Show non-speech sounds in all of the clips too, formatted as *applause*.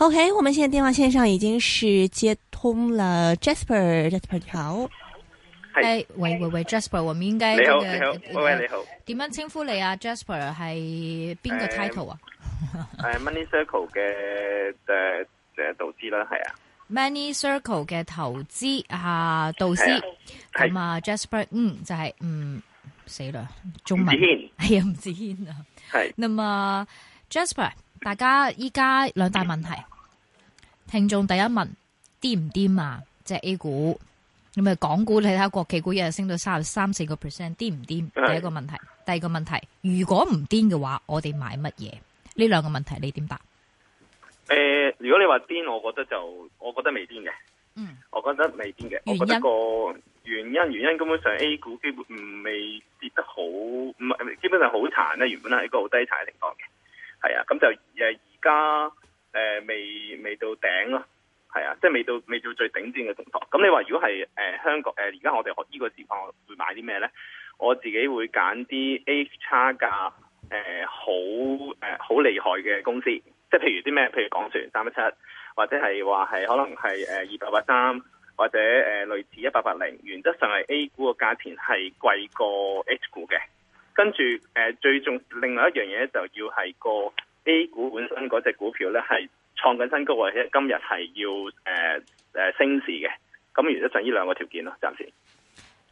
O.K.，我們現在電話線上已經是接通了 Jasper，Jasper 你 Jasper, 好，係喂喂喂，Jasper，我們應該沒有，喂你好，點、呃呃呃、樣稱呼你啊？Jasper 係邊個 title 啊？誒、哎 *laughs* 哎、，Money Circle 嘅誒誒導師啦，係啊，Money Circle 嘅投資啊導師，咁啊，Jasper，嗯，嗯就係、是、嗯死啦，中文。軒，係、哎、啊，吳志軒啊，係，那啊，Jasper。大家依家兩大問題，聽眾第一問：癲唔癲啊？即係 A 股，你咪港股，你睇下國企股一日升到三十三四個 percent，癲唔癲？第一個問題，第二個問題，如果唔癲嘅話，我哋買乜嘢？呢兩個問題你點答？誒、呃，如果你話癲，我覺得就我覺得未癲嘅。嗯，我覺得未癲嘅。原因原因原因，原因根本上 A 股基本唔未跌得好，唔係基本上好殘咧，原本係一個好低殘嘅情況嘅。係啊，咁就而家、呃、未未到頂咯，係啊，即係未到未到最頂尖嘅動作。咁你話如果係誒、呃、香港誒而家我哋學依個情況我會買啲咩咧？我自己會揀啲 H 差價誒、呃、好好、呃、厲害嘅公司，即係譬如啲咩，譬如港船三一七，或者係話係可能係誒二八八三，或者誒、呃、類似一八八零，原則上係 A 股個價錢係貴過 H 股嘅。跟住，誒、呃，最重另外一樣嘢咧，就要係個 A 股本身嗰隻股票咧，係創緊新高或者今日係要誒誒、呃呃、升市嘅。咁，原果就呢兩個條件咯，暫時。誒、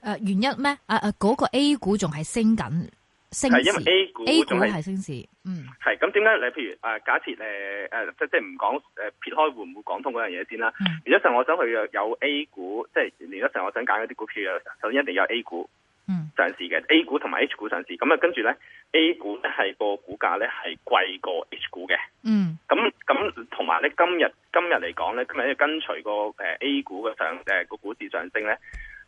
呃，原因咩？啊嗰、啊那個 A 股仲係升緊升市係因為，A 股仲係升市，嗯，係。咁點解？你譬如誒，假設誒誒，即即係唔講誒，撇開會唔會港通嗰樣嘢先啦。原果就我想去有 A 股，即係，原果就我想揀啲股票，就一定有 A 股。上市嘅 A 股同埋 H 股上市，咁啊跟住咧 A 股咧係個股價咧係貴過 H 股嘅，嗯，咁咁同埋咧今日今日嚟講咧今日咧跟隨個誒 A 股嘅上誒個股市上升咧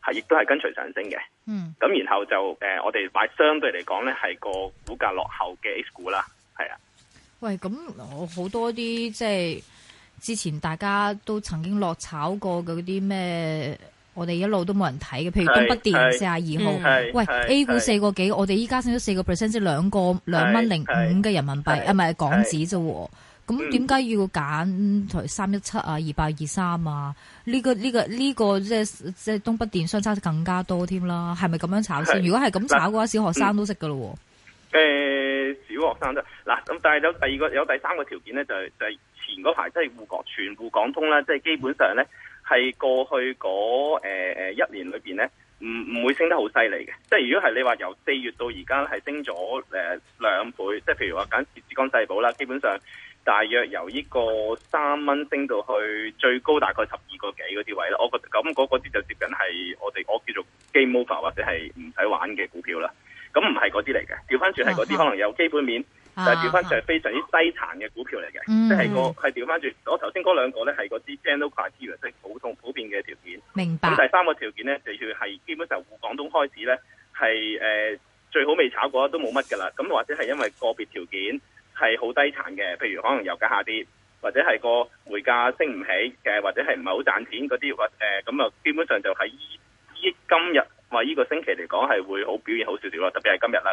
係亦都係跟隨上升嘅，嗯，咁然後就誒、呃、我哋買相對嚟講咧係個股價落後嘅 H 股啦，係啊，喂，咁我好多啲即係之前大家都曾經落炒過嗰啲咩？我哋一路都冇人睇嘅，譬如東北電四廿二號，喂 A 股四個幾，我哋依家升咗四個 percent，即兩個兩蚊零五嘅人民幣係係係咪係啊，唔係港紙啫喎，咁點解要揀台三一七啊、二八八三啊？呢個呢個呢個即係即係東北電相差更加多添啦，係咪咁樣炒先？如果係咁炒嘅話，小學生都識㗎咯喎、嗯。小學生都嗱，咁但係有第二個有第三個條件咧，就係、是、就係前嗰排即係滬港全部港通啦，即、就、係、是、基本上咧。係過去嗰誒誒一年裏邊咧，唔唔會升得好犀利嘅。即係如果係你話由四月到而家咧，係升咗誒兩倍。即係譬如話揀浙江世寶啦，基本上大約由呢個三蚊升到去最高大概十二個幾嗰啲位啦。我覺得咁嗰嗰啲就接近係我哋我叫做 game over 或者係唔使玩嘅股票啦。咁唔係嗰啲嚟嘅，調翻轉係嗰啲可能有基本面。就係掉翻就係非常之低殘嘅股票嚟嘅，即、嗯、係、就是、個係掉翻住。我頭先嗰兩個咧係嗰支 General 即係普通普遍嘅條件。明白。咁第三個條件咧，就要、是、係基本上自廣東開始咧，係、呃、最好未炒過都冇乜噶啦。咁或者係因為個別條件係好低殘嘅，譬如可能油價下跌，或者係個煤價升唔起嘅，或者係唔係好賺錢嗰啲咁啊，呃、就基本上就喺依依今日或依個星期嚟講係會好表現好少少咯，特別係今日啦。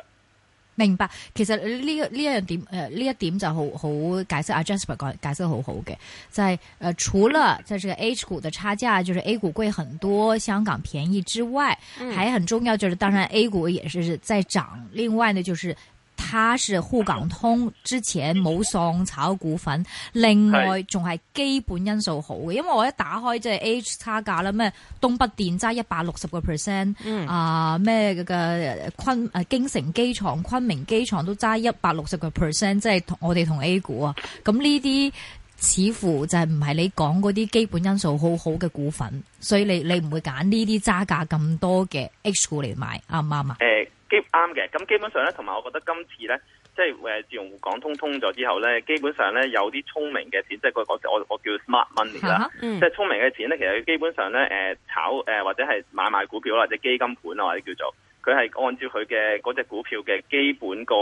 明白，其實呢一點就好好解釋 Jasper 解釋好好嘅，就係、嗯嗯、除了在這個 H 股的差價就是 A 股貴很多，香港便宜之外，嗯、還很重要，就是當然 A 股也是在漲、嗯、另外呢就是。他是滬港通之前冇喪炒股份，另外仲係基本因素好嘅。因為我一打開即係、就是、H 差價啦，咩東北電揸一百六十個 percent，啊咩嘅昆誒京城機床、昆明機床都揸一百六十個 percent，即係同我哋同 A 股啊。咁呢啲似乎就係唔係你講嗰啲基本因素好好嘅股份，所以你你唔會揀呢啲差價咁多嘅 H 股嚟買啱唔啱啊？合啱嘅，咁基本上咧，同埋我覺得今次咧，即係誒、呃、自滬港通通咗之後咧，基本上咧有啲聰明嘅錢，即係個我我叫 smart money 啦，即係聰明嘅錢咧，其實佢基本上咧誒炒誒、呃、或者係買賣股票或者基金盤啊，或者叫做佢係按照佢嘅嗰隻股票嘅基本個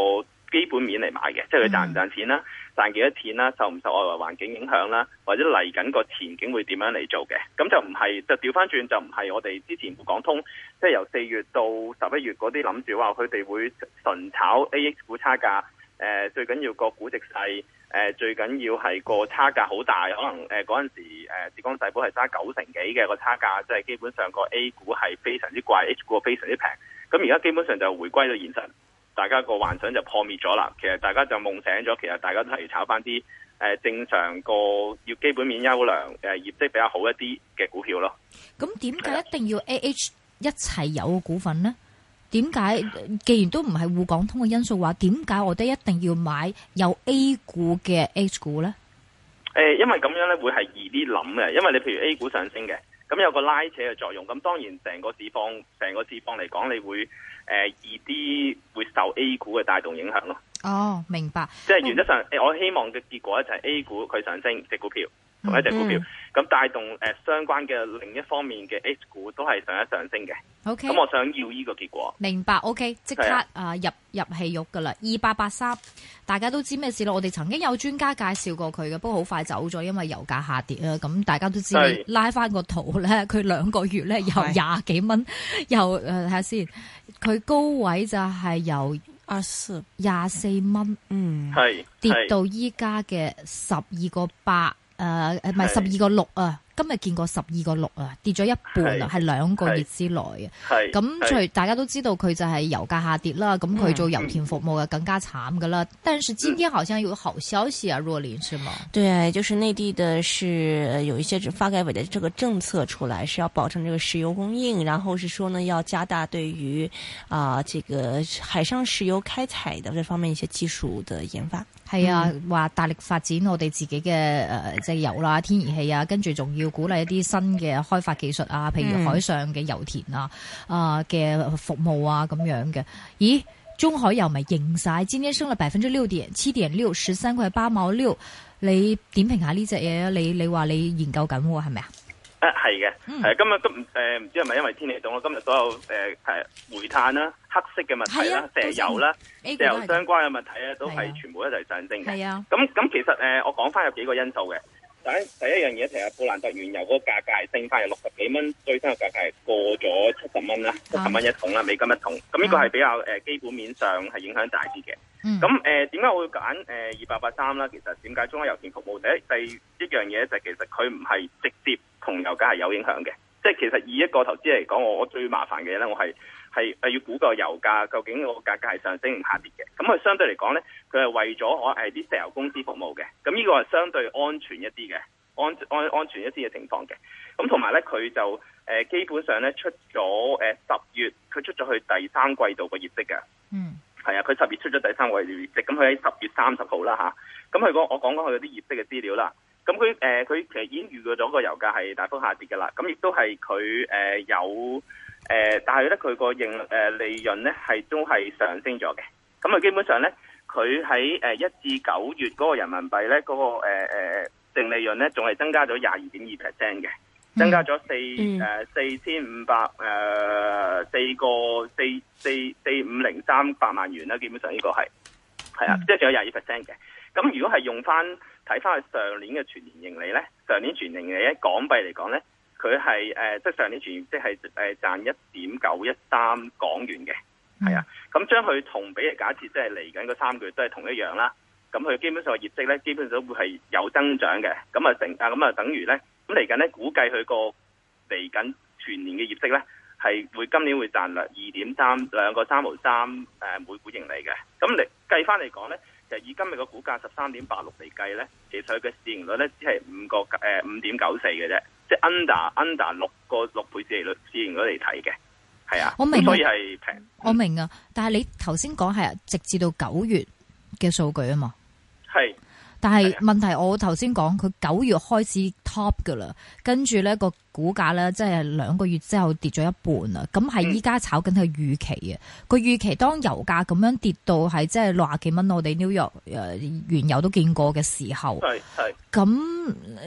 基本面嚟買嘅，即係佢賺唔賺錢啦、啊，賺幾多錢啦、啊，受唔受外圍環境影響啦、啊，或者嚟緊個前景會點樣嚟做嘅，咁就唔係，就係調翻轉就唔係我哋之前冇講通，即係由四月到十一月嗰啲諗住話佢哋會純炒 A x 股 A 股差價，誒、呃、最緊要個估值係，誒、呃、最緊要係個差價好大，可能誒嗰陣時浙江世寶係差九成幾嘅個差價，即、就、係、是、基本上個 A 股係非常之貴，H 股非常之平，咁而家基本上就回歸到現實。大家個幻想就破滅咗啦，其實大家就夢醒咗，其實大家都係要炒翻啲誒正常個要基本面優良誒業績比較好一啲嘅股票咯。咁點解一定要 A H 一齊有嘅股份呢？點解既然都唔係滬港通嘅因素話？點解我哋一定要買有 A 股嘅 H 股呢？誒，因為咁樣咧會係易啲諗嘅，因為你譬如 A 股上升嘅。咁有個拉扯嘅作用，咁當然成個市況，成個市況嚟講你會誒易啲會受 A 股嘅帶動影響咯。哦，明白。即係原則上，誒、嗯，我希望嘅結果咧就係 A 股佢上升，隻股票。同一隻股票咁帶、嗯嗯、動誒，相關嘅另一方面嘅 H 股都係上一上升嘅。O K，咁我想要呢個結果。明白。O K，即刻啊，入入戲肉噶啦，二八八三，大家都知咩事咯？我哋曾經有專家介紹過佢嘅，不過好快走咗，因為油價下跌啦。咁大家都知你拉翻個圖咧，佢兩 *laughs* 個月咧 *laughs* 又廿幾蚊，又誒睇下先，佢高位就係由二十廿四蚊，嗯，係跌到依家嘅十二個八。誒、誒，唔係十二個六啊！今日見過十二個六啊，跌咗一半啊，係兩個月之內啊。咁除大家都知道佢就係油價下跌啦，咁佢做油田服務啊更加慘嘅啦。但是今天好像有好消息啊，若、嗯、琳是嗎？對，就是內地的，是有一些發改委的這個政策出來，是要保證這個石油供應，然後是說呢，要加大對於啊、呃、這個海上石油開採的這方面一些技術的研發，係啊，話、嗯、大力發展我哋自己嘅誒即係油啦、天然氣啊，跟住仲要。要鼓勵一啲新嘅開發技術啊，譬如海上嘅油田啊，啊、嗯、嘅、呃、服務啊咁樣嘅。咦，中海油咪認晒，今天升了百分之六點七點六十三塊八毛六。你點評下呢隻嘢，你說你話你研究緊係咪啊？誒係嘅，係今日都唔誒，唔知係咪因為天氣凍？我今日所有誒係、呃、煤炭啦、黑色嘅物體啦、石油啦、石油相關嘅物體咧，都係全部一齊上升嘅。係啊，咁咁其實誒，我講翻有幾個因素嘅。第一樣嘢其實布蘭特原油嗰個價格係升翻，由六十幾蚊最新嘅價格係過咗七十蚊啦、啊，七十蚊一桶啦，美金一桶。咁、啊、呢個係比較基本面上係影響大啲嘅。咁點解我要揀誒二八八三啦？其實點解中海油田服務第一第一樣嘢就其實佢唔係直接同油價係有影響嘅。即、就、係、是、其實以一個投資嚟講，我我最麻煩嘅咧，我係。係要估個油價究竟個價格係上升唔下跌嘅，咁、嗯、佢相對嚟講咧，佢係為咗我哋啲石油公司服務嘅，咁呢個係相對安全一啲嘅，安安安全一啲嘅情況嘅。咁同埋咧，佢就誒、呃、基本上咧出咗誒十月，佢出咗去第三季度個業績嘅。嗯，係啊，佢十月出咗第三季度業績，咁佢喺十月三十號啦吓，咁佢講我講講佢嗰啲業績嘅資料啦，咁佢誒佢其實已經預計咗個油價係大幅下跌嘅啦，咁、嗯、亦都係佢誒有。誒、呃，但係咧，佢個盈誒利潤咧係都係上升咗嘅。咁、嗯、啊，基本上咧，佢喺誒一至九月嗰個人民幣咧，嗰個誒誒淨利潤咧，仲係增加咗廿二點二 percent 嘅，增加咗四誒四千五百誒四個四四四五零三百萬元啦。基本上呢個係係啊，即係仲有廿二 percent 嘅。咁、嗯嗯、如果係用翻睇翻去上年嘅全年盈利咧，上年全年盈利喺港幣嚟講咧。佢係誒，即係上年全年，即係誒賺一點九一三港元嘅，係啊。咁、嗯嗯、將佢同比嘅假設，即係嚟緊嗰三個月都係同一樣啦。咁佢基本上嘅業績咧，基本上都會係有增長嘅。咁啊成，啊，咁啊等於咧，咁嚟緊咧估計佢個嚟緊全年嘅業績咧，係會今年會賺兩二點三兩個三毫三誒每股盈利嘅。咁嚟計翻嚟講咧，其實以今日個股價十三點八六嚟計咧，其實佢嘅市盈率咧只係五個誒五點九四嘅啫。呃 under under 六個六倍市盈率嚟睇嘅，係啊，我明，所以係平，我明啊。但係你頭先講係啊直至到九月嘅數據啊嘛。但係問題我，我頭先講佢九月開始 top 噶啦，跟住咧個股價咧，即係兩個月之後跌咗一半啊！咁係依家炒緊佢預期啊！佢、嗯、預期當油價咁樣跌到係即係六十幾蚊，我哋 New York 誒原油都見過嘅時候，係咁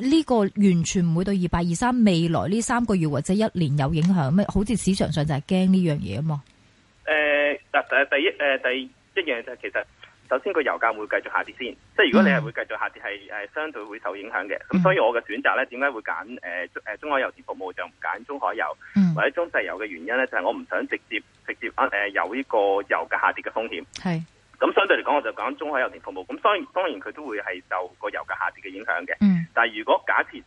呢個完全唔會對二百二三未來呢三個月或者一年有影響咩？好似市場上就係驚呢樣嘢啊嘛！誒、呃，嗱、呃，第一，誒、呃，第一樣就係其實。首先，個油價會繼續下跌先。即係如果你係會繼續下跌，係、嗯、誒相對會受影響嘅。咁、嗯、所以我嘅選擇咧，點解會揀誒誒中海油田服務就唔揀中海油、嗯、或者中石油嘅原因咧，就係、是、我唔想直接直接誒有呢個油價下跌嘅風險。係咁相對嚟講，我就講中海油田服務。咁當然當然佢都會係受個油價下跌嘅影響嘅、嗯。但係如果假設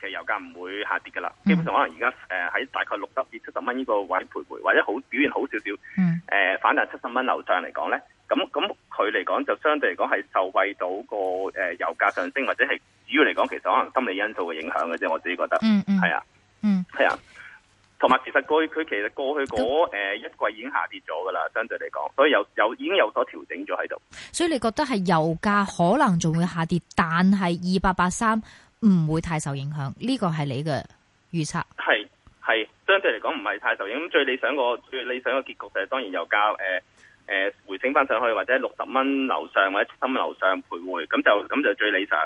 其實油價唔會下跌嘅啦、嗯，基本上可能而家誒喺大概六十至七十蚊呢個位徘徊，或者好表現好少少誒、呃、反彈七十蚊樓上嚟講咧。咁咁佢嚟講就相對嚟講，係受惠到個誒油價上升，或者係主要嚟講其實可能心理因素嘅影響嘅啫，我自己覺得，嗯嗯，係啊，嗯係啊，同埋其實過佢其實過去嗰誒、嗯呃、一季已經下跌咗噶啦，相對嚟講，所以有有，有已經有所調整咗喺度。所以你覺得係油價可能仲會下跌，但係二八八三唔會太受影響，呢個係你嘅預測？係係相對嚟講唔係太受影響。最理想個最理想嘅結局就係當然油價誒。呃誒，回升翻上去或者六十蚊樓上或者七十蚊樓上徘徊，咁就咁就最理想。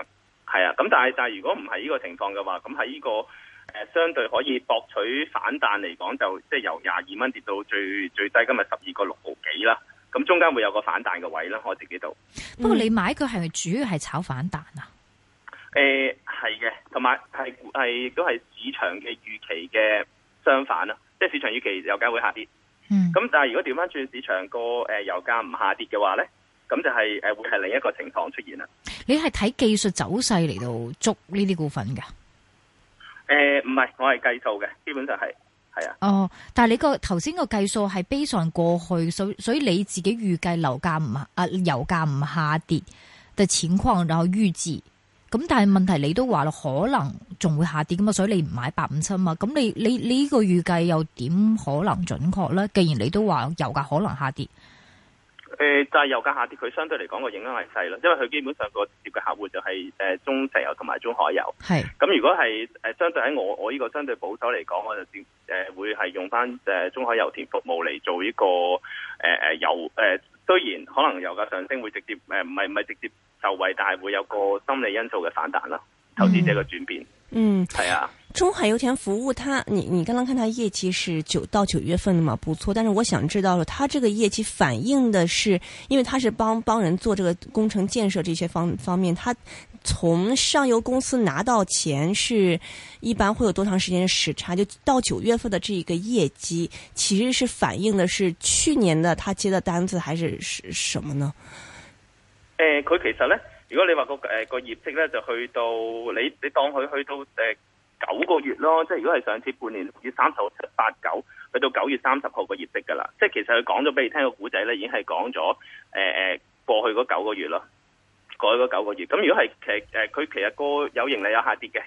係啊，咁但係但係如果唔係呢個情況嘅話，咁喺呢個誒、呃、相對可以博取反彈嚟講，就即係由廿二蚊跌到最最低今日十二個六毫幾啦。咁中間會有個反彈嘅位啦，我自己度。不、嗯、過你買佢係咪主要係炒反彈啊？誒、嗯，係嘅，同埋係係都係市場嘅預期嘅相反啦，即係市場預期油價會下跌。咁、嗯、但係如果調返轉市場個誒油價唔下跌嘅話咧，咁就係誒會係另一個情況出現啦。你係睇技術走勢嚟到捉呢啲股份㗎？誒、呃，唔係，我係計數嘅，基本上係係啊。哦，但係你個頭先個計數係基於過去，所所以你自己預計樓價唔啊油價唔下跌嘅情況，然後預置。咁但係問題，你都話咯，可能仲會下跌咁嘛，所以你唔買八五七嘛？咁你你呢個預計又點可能準確呢？既然你都話油價可能下跌，誒、呃、就係、是、油價下跌，佢相對嚟講個影響係細咯，因為佢基本上個接嘅客戶就係誒中石油同埋中海油。係咁，如果係誒相對喺我我呢個相對保守嚟講，我就誒會係用返誒中海油田服務嚟做呢個誒誒、呃、油誒、呃。雖然可能油價上升會直接誒，唔係唔係直接。就為大係會有個心理因素嘅反彈啦，投資者嘅轉變。嗯，係、嗯、啊。中海油田服務，它你你剛剛看它業績是九到九月份嘅嘛，不錯。但是我想知道，了佢這個業績反映的是，因為它是幫幫人做這個工程建設，這些方方面，它從上游公司拿到錢，是一般會有多長時間嘅時差？就到九月份嘅這個業績，其實是反映的是去年的，它接的單子，還是是什麼呢？誒，佢其實咧，如果你話個誒個業績咧，就去到你你當佢去到誒九個月咯，即係如果係上次半年六月三十號，七八九去到九月三十號個業績噶啦，即係其實佢講咗俾你聽個古仔咧，已經係講咗誒誒過去嗰九個月咯，過去嗰九個月。咁如果係其誒佢其實個、呃、有盈利有下跌嘅，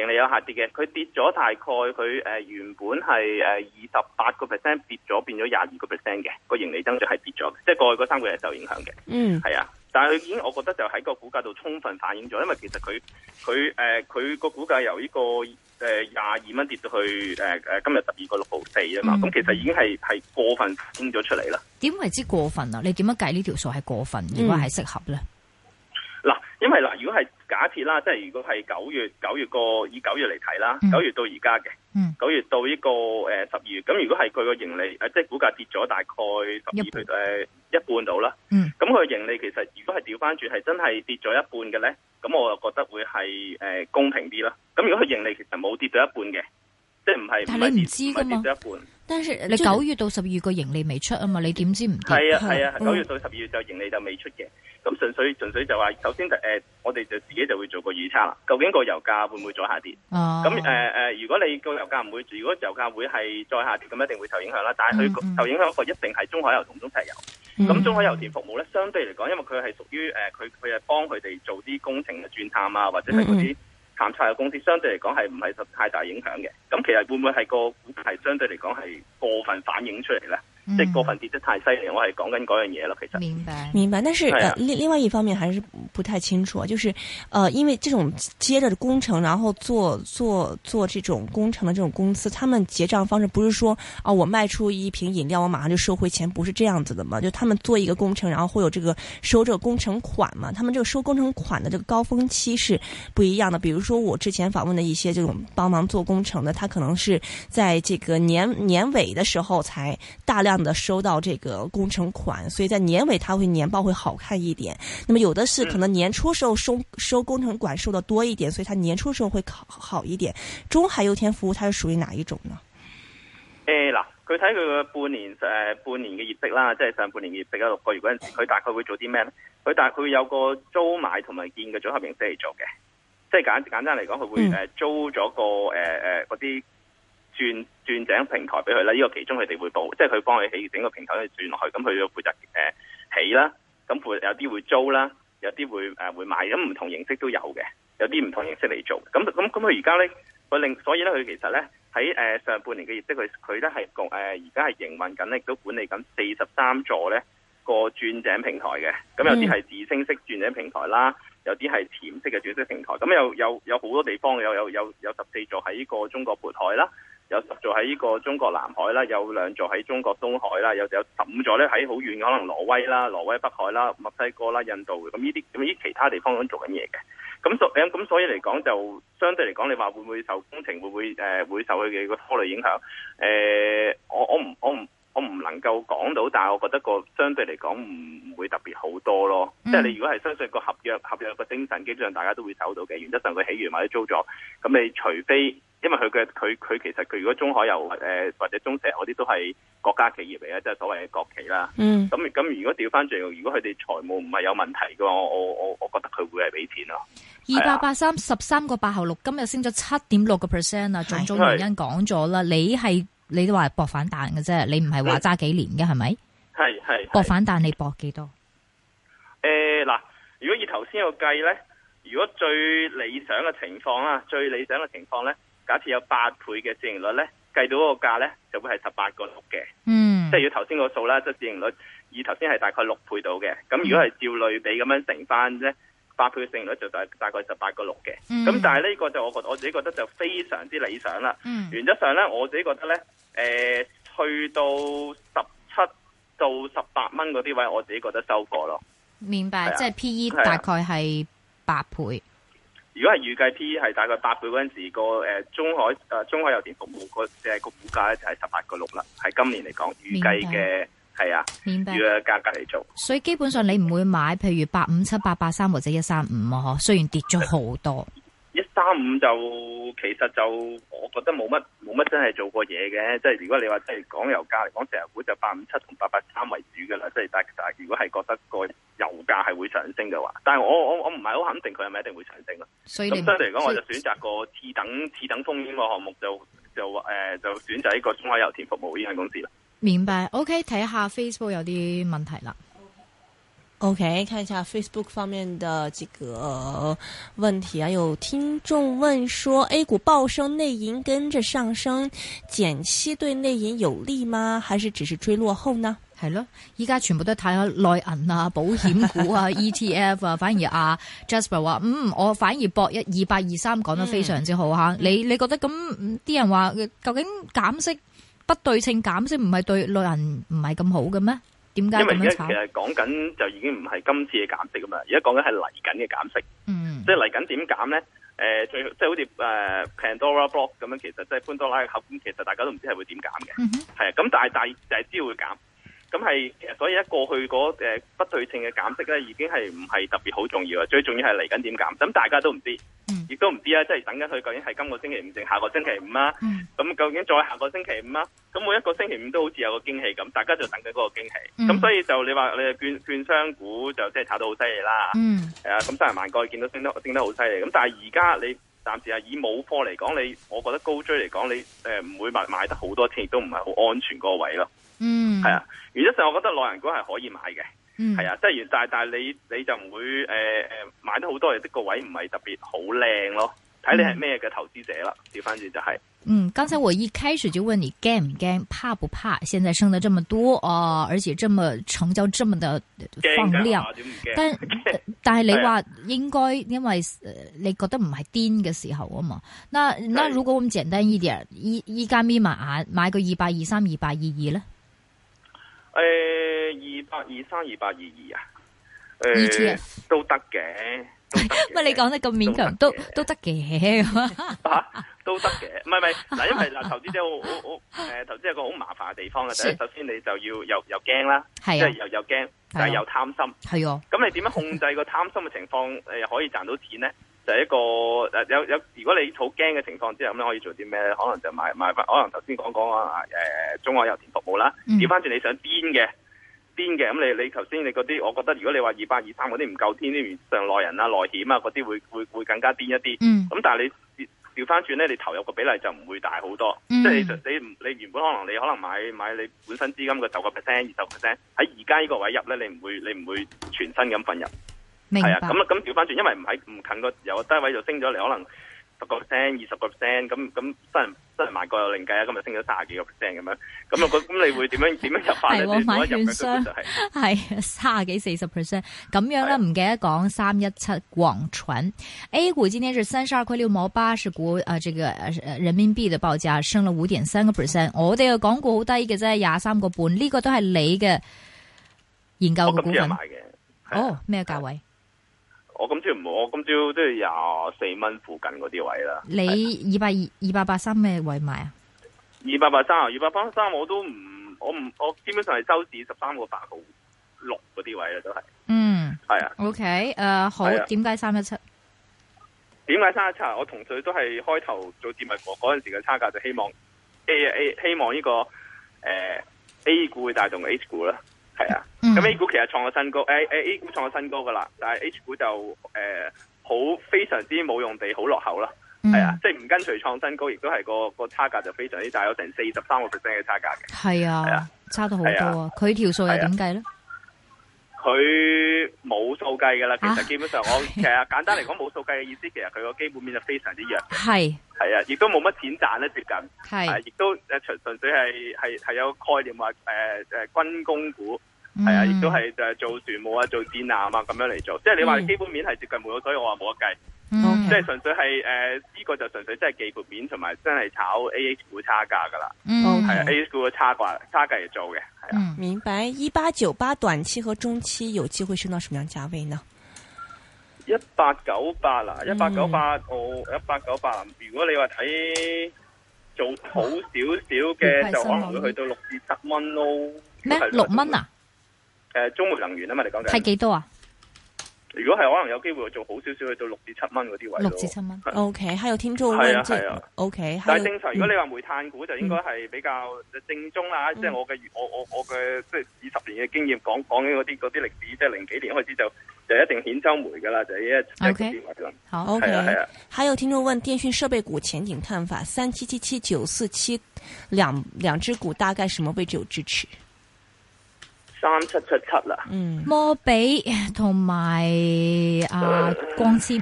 盈利有下跌嘅，佢跌咗大概佢誒原本係誒二十八個 percent 跌咗，變咗廿二個 percent 嘅，個盈利增長係跌咗，嘅，即係過去嗰三個月受影響嘅。嗯，係啊。但係佢已經，我覺得就喺個股價度充分反映咗，因為其實佢佢誒佢個股價由呢個誒廿二蚊跌到去誒誒、呃、今日十二個六毫四啊嘛，咁、嗯、其實已經係係過分升咗出嚟啦。點為之過分啊？你點樣計呢條數係過分，應該係適合咧？嗱、嗯嗯，因為嗱，如果係。假設啦，即係如果係九月九月個以九月嚟睇啦，九月到而家嘅，九月到呢、這個誒十二月，咁如果係佢個盈利，誒即係股價跌咗大概十二倍誒一半度啦，咁佢、嗯、盈利其實如果係調翻轉係真係跌咗一半嘅咧，咁我就覺得會係誒、呃、公平啲啦。咁如果佢盈利其實冇跌到一半嘅？即係唔係？但係你唔知噶嘛？一半但係你九月到十二月個盈利未出啊嘛？你點知唔？係啊係啊，九、啊、月到十二月就盈利就未出嘅。咁純粹純、嗯、粹就話，首先就誒、呃，我哋就自己就會做個預測啦。究竟個油價會唔會再下跌？哦、啊。咁誒誒，如果你個油價唔會，如果油價會係再下跌，咁一定會受影響啦。但係佢受影響個一定係中海油同中石油。咁、嗯、中海油田服務咧，相對嚟講，因為佢係屬於誒，佢佢係幫佢哋做啲工程嘅鑽探啊，或者係嗰啲。嗯嗯淡出嘅公司，相對嚟講，係唔係受太大影響嘅。咁其實會唔會係個股價相對嚟講係過分反映出嚟咧？嗯、即過分跌得太犀利，我係講緊嗰樣嘢咯。其實明白明白，但是另、啊呃、另外一方面還是不太清楚啊。就是，呃，因為這種接着工程，然後做做做這種工程的這種公司，他們結賬方式不是說啊、呃，我賣出一瓶飲料，我馬上就收回錢，不是這樣子的嘛？就他們做一個工程，然後會有這個收這個工程款嘛？他們這個收工程款的這個高峰期是不一樣的。比如說我之前訪問的一些這種幫忙做工程的，他可能是在這個年年尾的時候才大量。收到這個工程款，所以在年尾他會年報會好看一點。那麼有的是可能年初時候收收工程款收得多一點，所以它年初時候會好好一點。中海油田服務它是屬於哪一種呢？誒、欸、嗱，佢睇佢嘅半年誒、呃、半年嘅業績啦，即係上半年業績有六個月嗰陣時，佢大概會做啲咩咧？佢大概會有個租買同埋建嘅組合形式嚟做嘅，即係簡簡單嚟講，佢會誒租咗個誒誒嗰啲。嗯呃轉轉井平台俾佢啦，呢個其中佢哋會報，即係佢幫佢起整個平台去轉落去。咁佢要負責起啦，咁附有啲會租啦，有啲會會、呃、買，咁唔同形式都有嘅，有啲唔同形式嚟做。咁咁咁佢而家咧，佢令所以咧，佢其實咧喺、呃、上半年嘅業績，佢佢都係共而家係營運緊，亦、呃、都管理緊四十三座咧個轉井平台嘅。咁有啲係自升式轉井平台啦，有啲係潛式嘅轉井平台。咁有有有好多地方有有有有十四座喺呢個中國渤海啦。有十座喺呢個中國南海啦，有兩座喺中國東海啦，有有十五座咧喺好遠嘅，可能挪威啦、挪威北海啦、墨西哥啦、印度咁呢啲咁呢其他地方都做緊嘢嘅。咁所咁所以嚟講，就相對嚟講，你話會唔會受工程會唔會、呃、會受佢嘅個拖累影響？誒、呃，我我唔我唔我唔能夠講到，但係我覺得個相對嚟講唔唔會特別好多咯。即、嗯、係、就是、你如果係相信個合約合約個精神，基本上大家都會守到嘅。原則上佢起完或者租咗，咁你除非。因為佢嘅佢佢其實佢如果中海油誒或者中石油嗰啲都係國家企業嚟嘅，即係所謂嘅國企啦。嗯。咁咁如果調翻轉，如果佢哋財務唔係有問題嘅話，我我我覺得佢會係俾錢咯。二八八三十三個八後六，今日升咗七點六個 percent 啊！種種原因講咗啦。你係你都話係搏反彈嘅啫，你唔係話揸幾年嘅係咪？係係。搏反彈你搏幾多？誒嗱，如果以頭先個計咧，如果最理想嘅情況啦，最理想嘅情況咧。假設有八倍嘅市盈率呢，計到個價呢，就會係十八個六嘅，嗯，即係要頭先個數啦，即係市盈率，以頭先係大概六倍到嘅，咁、嗯、如果係照類比咁樣乘翻呢，八倍嘅市盈率就大大概十八、嗯、個六嘅，咁但係呢個就我覺得我自己覺得就非常之理想啦、嗯，原則上呢，我自己覺得呢，誒、呃、去到十七到十八蚊嗰啲位，我自己覺得收過咯，明白，即係 P E 大概係八倍。如果係預計 P 係大概八倍嗰陣時，個中海，誒、中海油田服務個即係個股價咧就係十八個六啦，係今年嚟講預計嘅係啊，預計嘅價格嚟做。所以基本上你唔會買，譬如八五七、八八三或者一三五啊，嗬，雖然跌咗好多。三五就其實就我覺得冇乜冇乜真係做過嘢嘅，即係如果你話即係講油價嚟講，石油股就八五七同八八三為主㗎啦。即係大家如果係覺得個油價係會上升嘅話，但係我我我唔係好肯定佢係咪一定會上升咯。咁所以嚟講，我就選擇個次等次等風險嘅項目就，就就誒、呃、就選擇呢個中海油田服務呢間公司啦。明白。OK，睇下 Facebook 有啲問題啦。OK，看一下 Facebook 方面的這個問題啊，有聽眾問說，A 股暴升，內銀跟着上升，減息對內銀有利嗎？還是只是追落後呢？係咯，依家全部都睇下內銀啊，保險股啊 *laughs* ，ETF 啊，反而阿、啊、 *laughs* Jasper 話，嗯，我反而博一二八二三講得非常之好吓、嗯，你你覺得咁啲人話，究竟減息不對稱減息唔係對內銀唔係咁好嘅咩？因為而家其實講緊就已經唔係今次嘅減息啊嘛，而家講緊係嚟緊嘅減息，即係嚟緊點減咧？誒、呃，最即係好似 Pandora Block 咁樣，其實即係潘多拉嘅盒，咁其實大家都唔知係、嗯、會點減嘅，係啊，咁但係第第二招會減，咁係所以一過去嗰不對稱嘅減息咧，已經係唔係特別好重要啊？最重要係嚟緊點減，咁大家都唔知。亦都唔知啊，即係等緊佢究竟係今個星期五定下個星期五啊？嗯，咁究竟再下個星期五啊？咁每一個星期五都好似有個驚喜咁，大家就等緊嗰個驚喜。嗯，咁所以就你話你嘅券券商股就即係炒到好犀利啦。嗯，係啊，咁三十萬股見到升得升得好犀利。咁但係而家你暫時啊，以冇貨嚟講，你我覺得高追嚟講，你誒唔會買買得好多錢，亦都唔係好安全嗰個位咯。嗯，係啊，原則上我覺得內銀股係可以買嘅。嗯，係啊，即係但係但係你你就唔會誒誒、呃、買得好多嘢，這個位唔係特別好靚咯，睇你係咩嘅投資者啦。調翻轉就係、是，嗯，剛才我一開始就問你驚唔驚怕不怕，怕不怕現在升得這麼多啊、呃，而且這麼成交這麼的放量，啊、但、啊、但係、呃、你話、啊、應該因為你覺得唔係癲嘅時候啊嘛。那那如果我們簡單一點，依依家眯埋眼買個二百二三二百二二咧。誒、欸，二百二三二百二二啊，誒、欸啊，都得嘅，乜你講得咁勉強都都得嘅，都 *laughs* 得嘅，唔係唔係嗱，因為嗱投資者，好好誒，投資有個好麻煩嘅地方啊，首先你就要又又驚啦，即係又又驚，但係又貪心，係咁、啊、你點樣控制個貪心嘅情況誒可以賺到錢咧？就是、一個誒有有，如果你好驚嘅情況之下，咁你可以做啲咩咧？可能就買買翻，可能頭先講講啊誒、呃、中海油田服務啦。調翻轉你想癲嘅癲嘅，咁你你頭先你嗰啲，我覺得如果你話二八八三嗰啲唔夠癲啲，上內人啊內險啊嗰啲會會會更加癲一啲。咁、嗯、但係你調翻轉咧，你投入嘅比例就唔會大好多。即、嗯、係、就是、你你原本可能你可能買買你本身資金嘅十個 percent 二十 percent 喺而家呢個位入咧，你唔會你唔會全身咁瞓入。係啊，咁啦，咁調翻轉，因為唔喺唔近個有低位就升咗你可能十 *laughs* 個 percent、二十個 percent，咁咁真真係賣過又另計啊！今日升咗卅幾 percent 咁樣，咁啊，咁你會點樣點樣入翻去？係買券商，係卅幾四十 percent 咁樣咧？唔記得講三一七廣傳 A 股，今天是三十二塊六毛八，是股，啊，這個人民幣的報價升了五點三個 percent。我哋嘅港股好低嘅啫，廿三個半，呢個都係你嘅研究嘅股份。啊、哦，咩價位？我今朝唔好，我今朝都係廿四蚊附近嗰啲位啦。你二百二、二百八三咩位賣啊？二百八三啊，二百八三我都唔，我唔，我基本上係收市十三個八毫六嗰啲位啦，都係。嗯，係啊。O K，誒，好。點解三一七？點解三一七？我同佢都係開頭做節目嗰陣時嘅差價，就希望 A A，希望呢、這個誒 A 股會帶動 H 股啦。係啊，咁 A 股其實創咗新高，誒、欸、誒，A 股創咗新高噶啦，但係 H 股就誒好、呃、非常之冇用地，好落後啦，係、嗯、啊，即係唔跟隨創新高，亦都係個個差價就非常之大，有成四十三個 percent 嘅差價嘅，係啊，差得好多啊，佢條數又點計咧？佢冇數計㗎啦，其實基本上我、啊、 *laughs* 其實簡單嚟講冇數計嘅意思，其實佢個基本面就非常之弱。係係啊，亦都冇乜錢賺咧，接近係亦、啊、都誒純純粹係係係有概念話誒誒軍工股係啊，亦都係誒做船務啊，做戰艦啊咁樣嚟做，即、就、係、是、你話基本面係接近冇咗，所以我話冇得計。Mm -hmm. 即係純粹係誒呢個就純粹真係技術面同埋真係炒 A H 股差價噶啦，係 A H 股嘅差價差價嚟做嘅。明白一八九八短期和中期有機會升到什麼樣價位呢？一八九八啦，一八九八哦一八九八。1898, 如果你話睇做好少少嘅，就可能會去到六至七蚊咯。咩六蚊啊？誒、呃，中煤能源啊嘛，你講緊係幾多啊？如果係可能有機會，做好少少去到六至七蚊嗰啲位咯。六至七蚊。O、okay, K，還有聽眾問，即係 O K。但係正常，如果你話煤炭股、嗯、就應該係比較正宗啦，即、嗯、係、就是、我嘅我我我嘅即係二十年嘅經驗講講緊嗰啲啲歷史，即、就、係、是、零幾年開始就就一定兗州煤噶啦，就呢、是、一啲嘅變化啦。好、啊、O、okay. K，、啊啊、還有聽眾問電訊設備股前景探法，三七七七九四七兩兩隻股大概什麼位置有支持？三七七七啦，摩、嗯、比同埋啊光纖，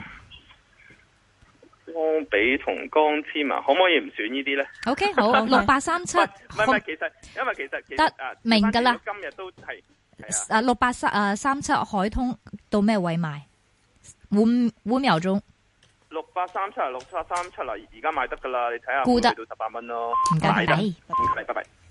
摩比同光纖啊，可唔可以唔選呢啲咧？O K，好六八三七，唔係 *laughs* 其實，因為其實得啊，明噶啦，今日都係啊六八三啊三七海通到咩位買？五五秒鐘，六八三七啊六七三七啊，而家買得噶啦，你睇下，估得到十八蚊咯，唔該， *laughs* 拜拜。 *laughs*